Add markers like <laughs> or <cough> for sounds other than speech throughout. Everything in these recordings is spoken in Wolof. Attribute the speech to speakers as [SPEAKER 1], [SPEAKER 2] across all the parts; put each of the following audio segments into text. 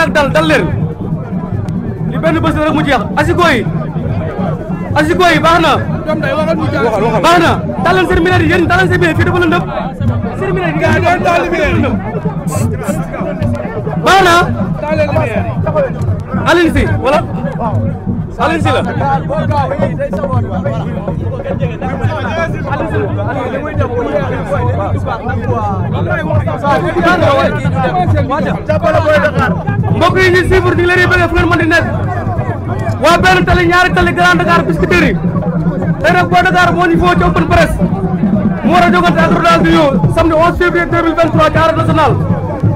[SPEAKER 1] ñaanal dal dal leen li benn bés rek mu jeex a yi asiko yi baax na baax na talal seen mineur yi yi gaa doon taal mineur yi baax na Aline si wala Aliou Sylla mbokk yi ñu suivre di leen bëgg di nekk waa benn tali ñaari tali Grand Dakar Biscuiterie tey nag boo Dakar moo ñu open press mu war a jogante ak Rodal du Lion samedi 11 février 2023 ci Arène Nationale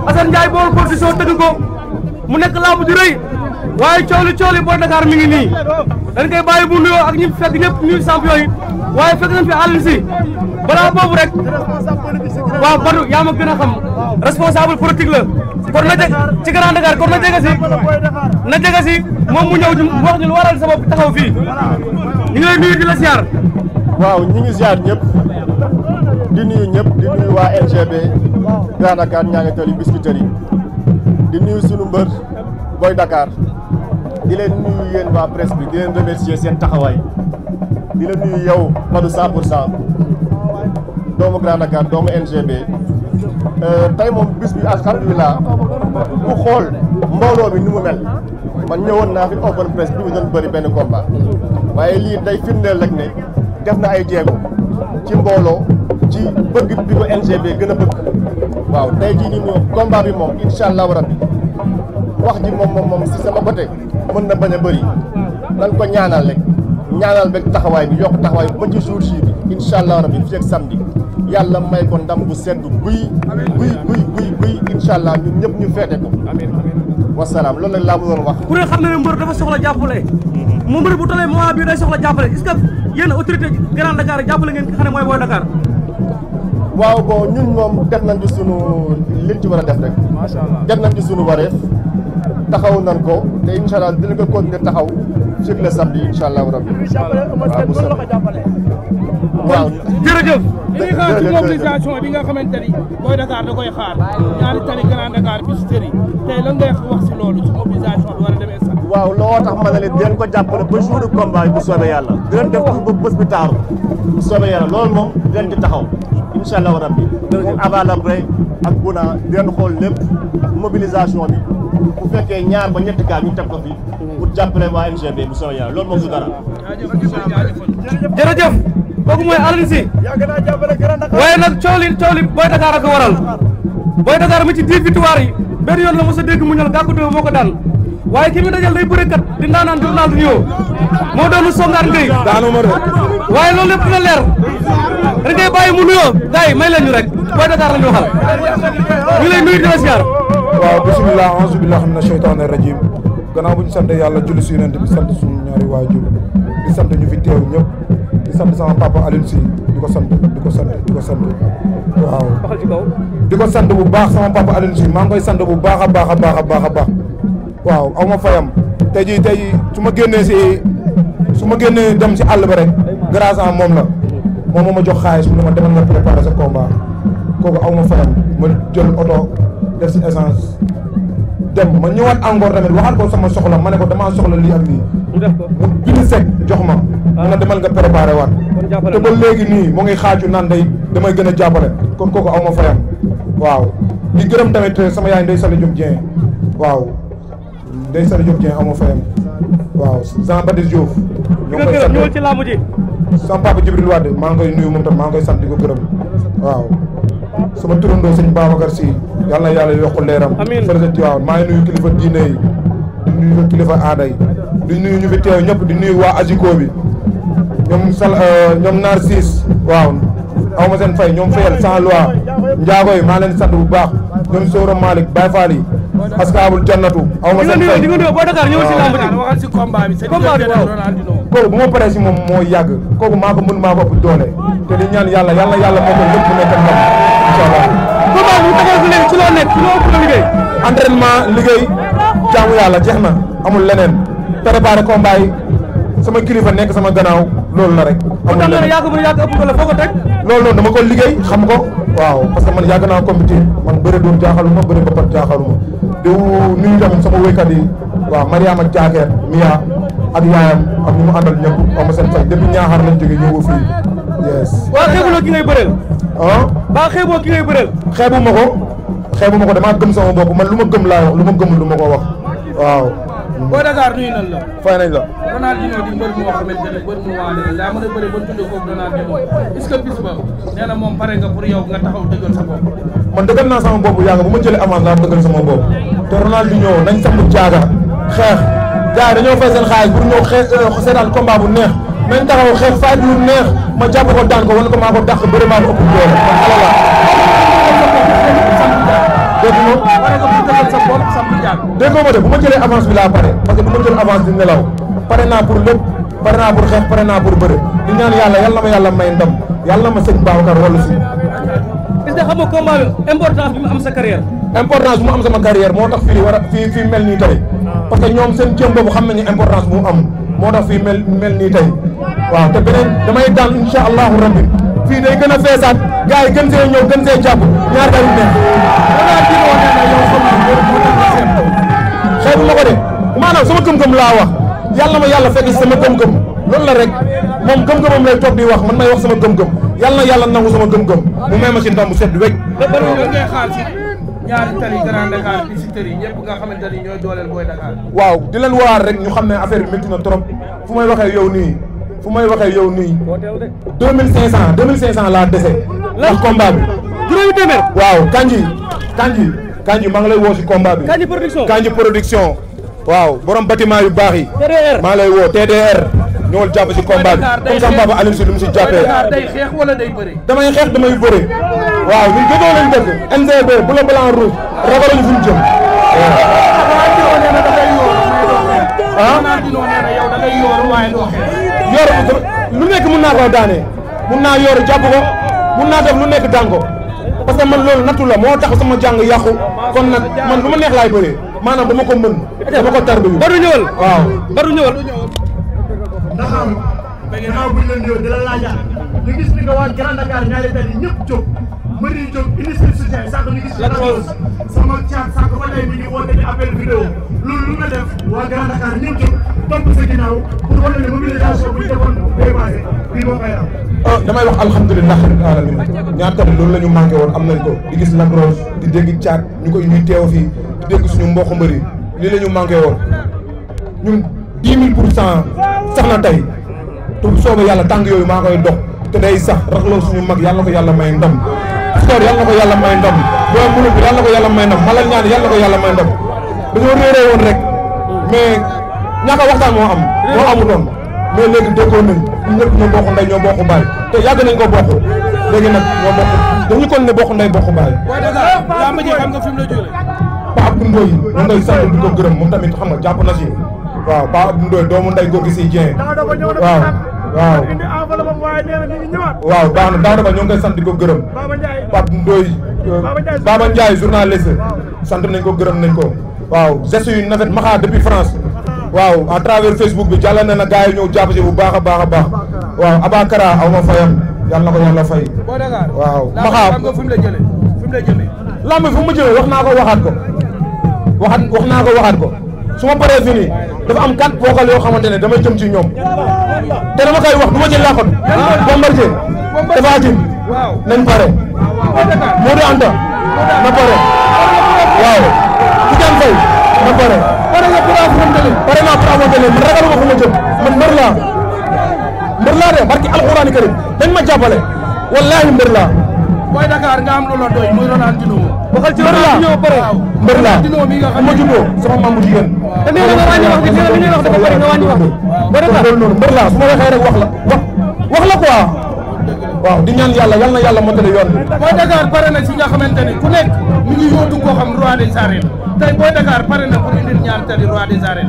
[SPEAKER 1] Assane Ndiaye bool production tëgg ko mu nekk làmb ju waaye coow li coow li Boy Dakar mi ngi nii dañ koy bàyyi bu nuyoo ak ñi fekk ñëpp ñu champion yi waaye fekk nañ fi Alioune Sy balaa boobu rek waaw Badou yaa ma gën a xam responsable politique la kon na jeg ci Grand Dakar kon na jega na jega moom mu ñëw ñu wax ñu lu waral sa bopp taxaw fii
[SPEAKER 2] ñu ngi lay di la siyaar waaw ñu ngi siyaar ñëpp di nuyu ñëpp di nuyu waa NGB Grand Dakar ñaa ngi tali biscuiterie di nuyu sunu mbër Boy Dakar di leen nuyu yéen waa presse bi di leen remercier seen taxawaay di la nuyu yow Madou 100 pour 100 doomu Grand Dakar doomu NGB euh, tey moom bis bi alhamdulilah ku xool mbooloo bi ni mu mel man ñëwoon naa fi open presse bi mu doon bëri benn combat waaye lii day firndeel rek ne def na ay jéego ci mbooloo ci bëgg bi ko NGB gën a bëgg waaw tey jii nii moom combat bi moom incha allah rabbi wax ji moom moom si sama côté mën na bañ a bëri nan ko ñaanal rek ñaanal beeg taxawaay bi yokk taxawaay bu ba ci jour ji bi incha allah rabi fii ak samedi yàlla may ko ndam bu sedd buy buy buy buy buy incha allah ñëpp ñu feete ko wasalaam loolu nag laa doon wax. kuréel xam na ne mbër dafa soxla jàppale. mu mbër bu tolee moment bii day soxla
[SPEAKER 1] jàppale est-ce que yéen autorité Grand Dakar jàppale ngeen ki xam ne mooy booy Dakar.
[SPEAKER 2] waaw bon ñun moom def nañ ci sunu liñ ci war a def rek. macha allah def nañ taxaw nan ko te incha allah dina ko continuer taxaw sur le samedi incha allah rabbi. waaw
[SPEAKER 3] bu
[SPEAKER 2] waaw jërëjëf. <laughs> dañuy xaar ci mobilisation
[SPEAKER 3] bi nga xamante ni booy Dakar da koy xaar ñaari tali Grand Dakar bi si tëri tey lan ngay wax si loolu ci mobilisation bi war a demee sax.
[SPEAKER 2] waaw loo tax ma ne leen di leen ko jàppale ba jour du combat bu soobee yàlla. di leen def ba bés bi taaru bu soobee yàlla loolu moom di leen di taxaw incha allah rabbi. dëgg la moom Abba Lambré ak Bouna di leen xool lépp mobilisation bi. bu fekkee ñaar ba ñetti kaa ñu teg ko fi pour jàppale waa MGB bu soobee yàlla loolu moom du dara. jërëjëf kooku mooy Alioune Sy waaye nag coow li
[SPEAKER 1] coow li Boy Dakar a ko waral Boy Dakar mi ci dix victoire yi benn yoon la mos a dégg mu ñor gàkku doo moo ko daan waaye ki mu dajal day bëre kat di ndaanaan di Ronaldinho moo doonu songaan ngay waaye loolu lépp dina leer dañ koy mu nuyoo gars may leen rek Boy Dakar
[SPEAKER 3] la ñu waxal ñu lay nuyu di siyaar waaw bisimilah auzu billahi mina sheytaani rajim gannaaw bu ñu sant yàlla julli si yonent bi sant suñu ñaari waajur di sant ñu fi teew ñëpp di sant sama papa Alioune Sy di ko sant di ko sant di ko sant waaw di ko sant bu baax sama papa Alioune Sy maa ngi koy sant bu baax a baax a baax a baax waaw aw ma fayam tey jii tey su ma génnee si su ma génnee dem si àll ba rek grâce à moom la moom ma ma jox xaalis mu ne ma demal nga préparer sa combat kooku aw ma fayam ma jël def si essence dem ma ñëwaat encore tamit waxaat ko sama soxla ma ne ko damaa soxla lii ak lii. mu def ko mu bind sec jox ma. waaw ah. na demal nga préparé waat. te ba léegi nii mu ngi xaaju naan day damay gën a jàppale. kon kooku aw ma fayam. waaw di gërëm tamit sama yaay Ndeye Sali Diop Dieng waaw Ndeye Sali Diop Dieng aw ma waaw Jean Baptiste Diouf. ñoo ngi koy sant ñëwal ci laamu ji. sama papa Jibril Wade maa ngi koy nuyu moom tam maa ngi koy sant di ko waaw sama turandoo sëñ Babacar si yàlla yàlla yokk maa nuyu kilifa diine di nuyu kilifa aada yi di nuyu ñu fi teew ñëpp di nuyu waa Aziko bi ñoom naar siis waaw aw ma seen fay ñoom fayal sans loi njaago yi maa leen sant bu baax ñoom Sowra Malick Baye Fall yi asxaabul jannatu aw ma seen fay kooku bu ma si moom moo yàgg kooku maa ko mën maa ko ëpp doole te di ñaan yàlla yàlla yàlla moo ko lépp nekk ndam incha allah. combat bi taxaw si léegi nekk ci loo ëpp liggéey. jaamu yàlla jeex na amul leneen préparé combat yi sama kilifa nekk sama gannaaw loolu la rek. amul leneen kon nag yaa ko mën yaa ko ëpp doole foo ko teg. loolu noonu dama ko liggéey xam ko. waaw parce que man yàgg naa comité man bëri doon jaaxaluma bëri ba pat jaaxaluma di nuyu tamit sama wéykat yi waaw Mariama ak yaayam ak ñu mu àndal ñëpp am seen fay depuis ñaaxaar lañ jógee ñëw ba fii. yes waaw xeebuloo ki ngay bëreel. ah. waaw xeebu ma ko. xeebu ma ko gëm sama bopp man lu ma gëm laa lu ma gëmul lu ma ko wax waaw. boo Dakar nuyu nañ la. fay nañ la. Ronaldinho di a man dëggal naa sama bopp yaa bu ma jëlee avance laa dëggal sama bopp te Ronaldinho nañ samp jaaga xeex gars yi dañoo fay seen xaalis pour ñëw xeex euh, seetaan combat bu neex nañ taxaw xeex faay lu neex ma jàpp ko daan ko wala ko maa ko dàq bëri maa ko ëpp doole man xale laa. dégg nga. dégg bu ma jëlee avance bi laa pare parce que bu ma jël avance di nelaw pare naa pour lépp pare naa pour xeex pare naa pour bëri di ñaan yàlla yàlla ma yàlla may ndam yàlla ma sëñ Babacar wala si. est-ce que xam nga combat bi importance bi mu am sa carrière. importance bi mu am sama carrière moo tax fii war a fii parce que ñoom seen jëm boobu xam nañu importance bu mu am moo tax fii mel mel nii tey waaw te beneen damay daan incha allahu rabbi fii day gën a feesaat gars yi gën see ñëw gën see jàpp ñaar dayu neex danaa diin wax ne na yow ma seet ko xeebu de maanaam sama gëm-gëm laa wax yàlla ma yàlla fekk sama gëm-gëm loolu la rek moom gëm-gëmam lay toog di wax man may wax sama gëm-gëm yàlla na yàlla nangu sama gëm-gëm mu may ma ci ndam bu set ñaari tali Grand Dakar bi si tëri ñëpp nga xamante ni ñooy dooleel booy Dakar. waaw di waar rek ñu xam ne affaire bi métti trop fu may waxee yow nii fu may waxee yow nii. deux mille cinq cent deux mille cinq cent laa dese. ndax combat bi. juróomi téeméer. waaw Kandji Kandji Kandji maa ngi lay woo si combat bi. Kandji production Kandji production. waaw borom bâtiment yu baax yi. TDR maa lay woo TDR. ñëwal jàpp ci combat bi comme si li day wala day bëre damay xeex damay bëre waaw ñun gëjoo lañ bu la blanc rouge ragalañu fu ah. Ah. lu nekk mun naa koo daane mun naa yor jàpp ko mun naa def lu nekk daan ko parce man loolu nattu moo tax sama jàng yàqu kon nag man lu ma neex laay maa maanaam dama ko mën dama ko tarbi baru ñëwal waaw baru ñëwal ndax am gannaaw buñ leen ñëw di la laajaat ñu gis ni nga waa Grand Dakar nga def waa ñëpp jóg topp sa ginnaaw pour wane ne mobilisation bu ñu defoon day passé bii moo koy am ah damay wax alhamdulilah rabbil alamin ñaar la ñu woon am nañ ko di gis Lagrosse di dégg caat ñu koy ñuy teew fii di dégg suñu mbokk mbër yi lii la ñu woon ñun dix mille pour cent sax na tey te bu yàlla tànk yooyu maa koy dox te day sax raxloo suñu mag yàlla ko yàlla may ndam soor yàlla ko yàlla may ndam boo mënul bi yàlla ko yàlla may ndam xalal ñaan yàlla yàlla may ndam dañoo réeree woon rek mais ñàkk a waxtaan moo am moo amutoon mais léegi déggoo nañ ñu ñëpp ñoo bokk ndey ñoo bokk baay te yàgg nañ ko bokk léegi nag ñoo bokk dañu kon ne bokk ndey bokk baay Pape Ndoye moom ngay sant di ko gërëm moom tamit xam nga jàpp na si waaw Pa Abdou Ndoye doomu nday Gorgui Sy Dieng waaw waaw waaw baax na daaw dafa ñoo ngi koy sant di ko gërëm Pape Ndoye euh, Baba Ndiaye journaliste sant nañ ko gërëm nañ ko waaw geste yu nafet maxaa depuis France waaw à travers Facebook bi jàllale na na gars yi ñëw jàpp si bu baax a baax a baax waaw Abakara aw ma fayam yàlla na ko yàlla fay waaw maxaa lamb fu mu jëlee wax naa ko waxaat ko waxaat wax naa ko waxaat ko su ma paree fii nii dafa am quatre vocal yoo xamante ne dama jëm ci ñoom te ma koy wax du ma ci làqatu Bombardier dafa jëm nañ pare Modou Anta na pare waaw Tidiane Faye na pare pare nga pour affronter leen pare naa pour affronter leen man ragaluma fu ma jëm man mbër laa mbër laa de barki alxuraani karim dañ ma jàppale wallaahi mbër laa booy Dakar nga am lu la doy muy laa mbër laa ma juddoo sama maam bu jigéen. te nga wàññi noonu mbër laa su ma rek wax la wax wax la quoi. waaw di ñaan yàlla yal na yàlla motali yoon bi. Boy Dakar pare na ci nga xamante ni ku mi ngi yóotu koo xam roi des arènes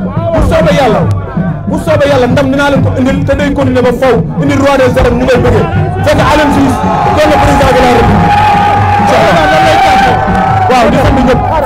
[SPEAKER 3] soobee yàlla ndam dinaa leen ko indil te day ba faw indil roi des arènes ñu ngay bëggee fekk Alioune Cissé doon na président de la République. incha
[SPEAKER 1] allah waaw di sant ñëpp.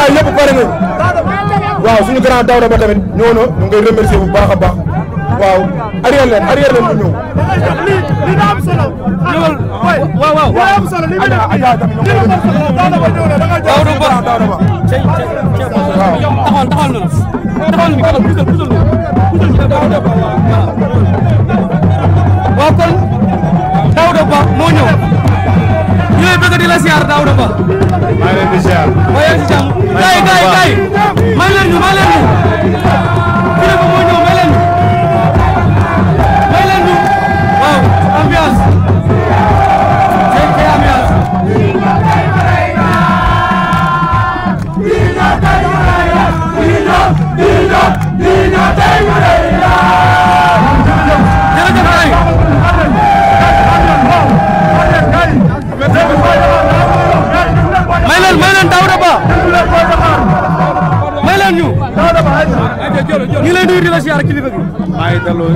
[SPEAKER 1] gars yëpp pare
[SPEAKER 3] nañ waaw suñu grand Daouda Ba tamit ñëw na ñu ngi koy remercier baax a baax waaw arrière leen arrière leen ñu ñëw. lii daa am
[SPEAKER 1] Ba ñëw na da ngaa jox Daouda Ba moo ñëw ñu lay di la siyaar Daouda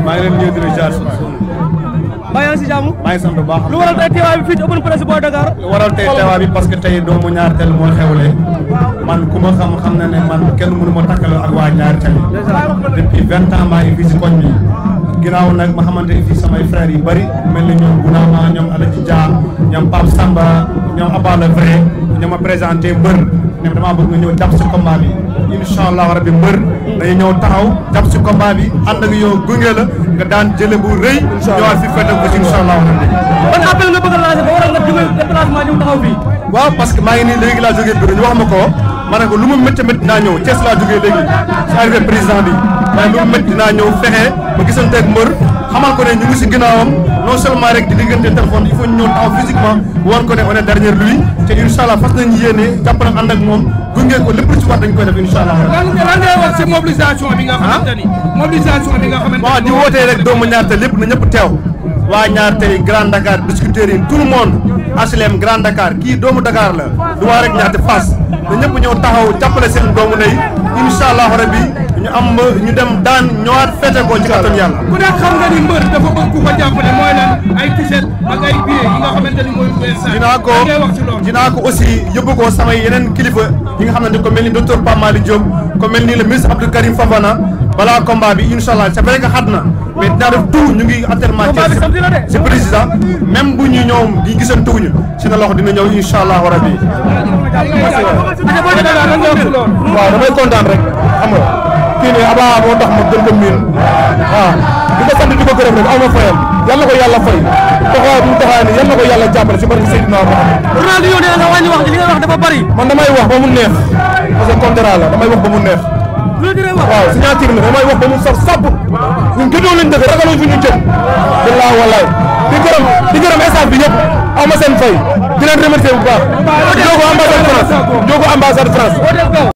[SPEAKER 1] maa ngi leen ñëw di leen jaar bàyyi na si jàmm maa ngi sant bu baax lu waral tey teewaay bi fii ci open presse Boy Dakar lu waral tey teewaay bi
[SPEAKER 3] parce que tey doomu ñaar tel moo xewle man ku ma xam xam na ne man kenn mënu ma takkaloo
[SPEAKER 2] ak waa ñaar tel depuis vingt ans maa ngi fii si koñ bi ginnaaw nag ma xamante ne fii samay frères yu bëri mel ni ñoom Gunaama ñoom Alaji Dia ñoom Pape Samba ñoom Abba le vrai ñoo ma présenté mbër ne dama bëgg nga ñëw jàpp si combat bi incha allah rabbi
[SPEAKER 3] mbër dañu ñëw taxaw jàpp si combat bi ànd ak yow nga daan jëlee bu rëy. incha allah ñëwaat si fête ko ci incha allah. ban appel nga bëgg a lancer ba waral nga jóge déplacement ñëw taxaw fii. waaw parce maa ngi nii léegi laa jógee bureau ñu wax ma ko ma ne ko lu mu métti métti naa ñëw Thiès laa jógee léegi si arrivé président bi waaye lu mu métti naa ñëw fexe ba gisanteeg mbër xamal ko ne ñu ngi si ginnaawam. non seulement rek di diggante téléphone il faut ñu ñëw taxaw physiquement war ko ne on est derrière lui te incha fas nañu yéene jàpp na ànd ak moom gunge ko lépp lu ci war dañ koy def incha wax bi nga ah? xamante ni. mobilisation bi nga xamante ni. di wootee rek doomu ñaar te lépp na ñëpp teew. waa ñaar tey Grand Dakar Biscuiterie tout le monde HLM Grand Dakar kii doomu Dakar la du waa rek ñaati Fass da ñëw taxaw jàppale seen doomu ndey incha allahu rabi ñu am ñu dem daan ñëwaat fete ko ci kattan yàlla. ku nekk xam nga ni mbër dafa bëgg ku ko jàppale mooy lan ay t-shirt ak ay
[SPEAKER 1] billets
[SPEAKER 3] yi ko aussi yóbbu ko samay yeneen kilifa yi nga xamante ni ko mel ni docteur Pape Malick Diop ko mel ni le ministre Abdou Karim Fofana. balaa combat bi incha allah c'est vrai que xat na mais dinaa def tout ñu ngi actuellement ci président même bu ñu ñoom di gisantuwuñu si na loxo dina ñëw incha allah rabi. waaw damay kontaan rek xam nga kii ne abaa moo tax ma gën ko miin waaw di ko sant di ko gërëm rek aw ma fayal yal na ko yàlla fay taxawaay bu mu taxawaay nii yal na ko yàlla jàppale si barke Seydina Muhammad. Ronaldo yow nee na nga wàññi wax li nga wax dafa bari. man damay wax ba mu neex parce que contrat la damay wax ba mu neex. waaw signature bi damay wax ba mu saf sàpp ñun gëddoo lañ dëkk ragaloo fi ñu jëm billaa walaay di gërëm di gërëm staff bi yëpp ama seen fay di leen remercier bu baax jóogu ambassade France jóogu ambassade France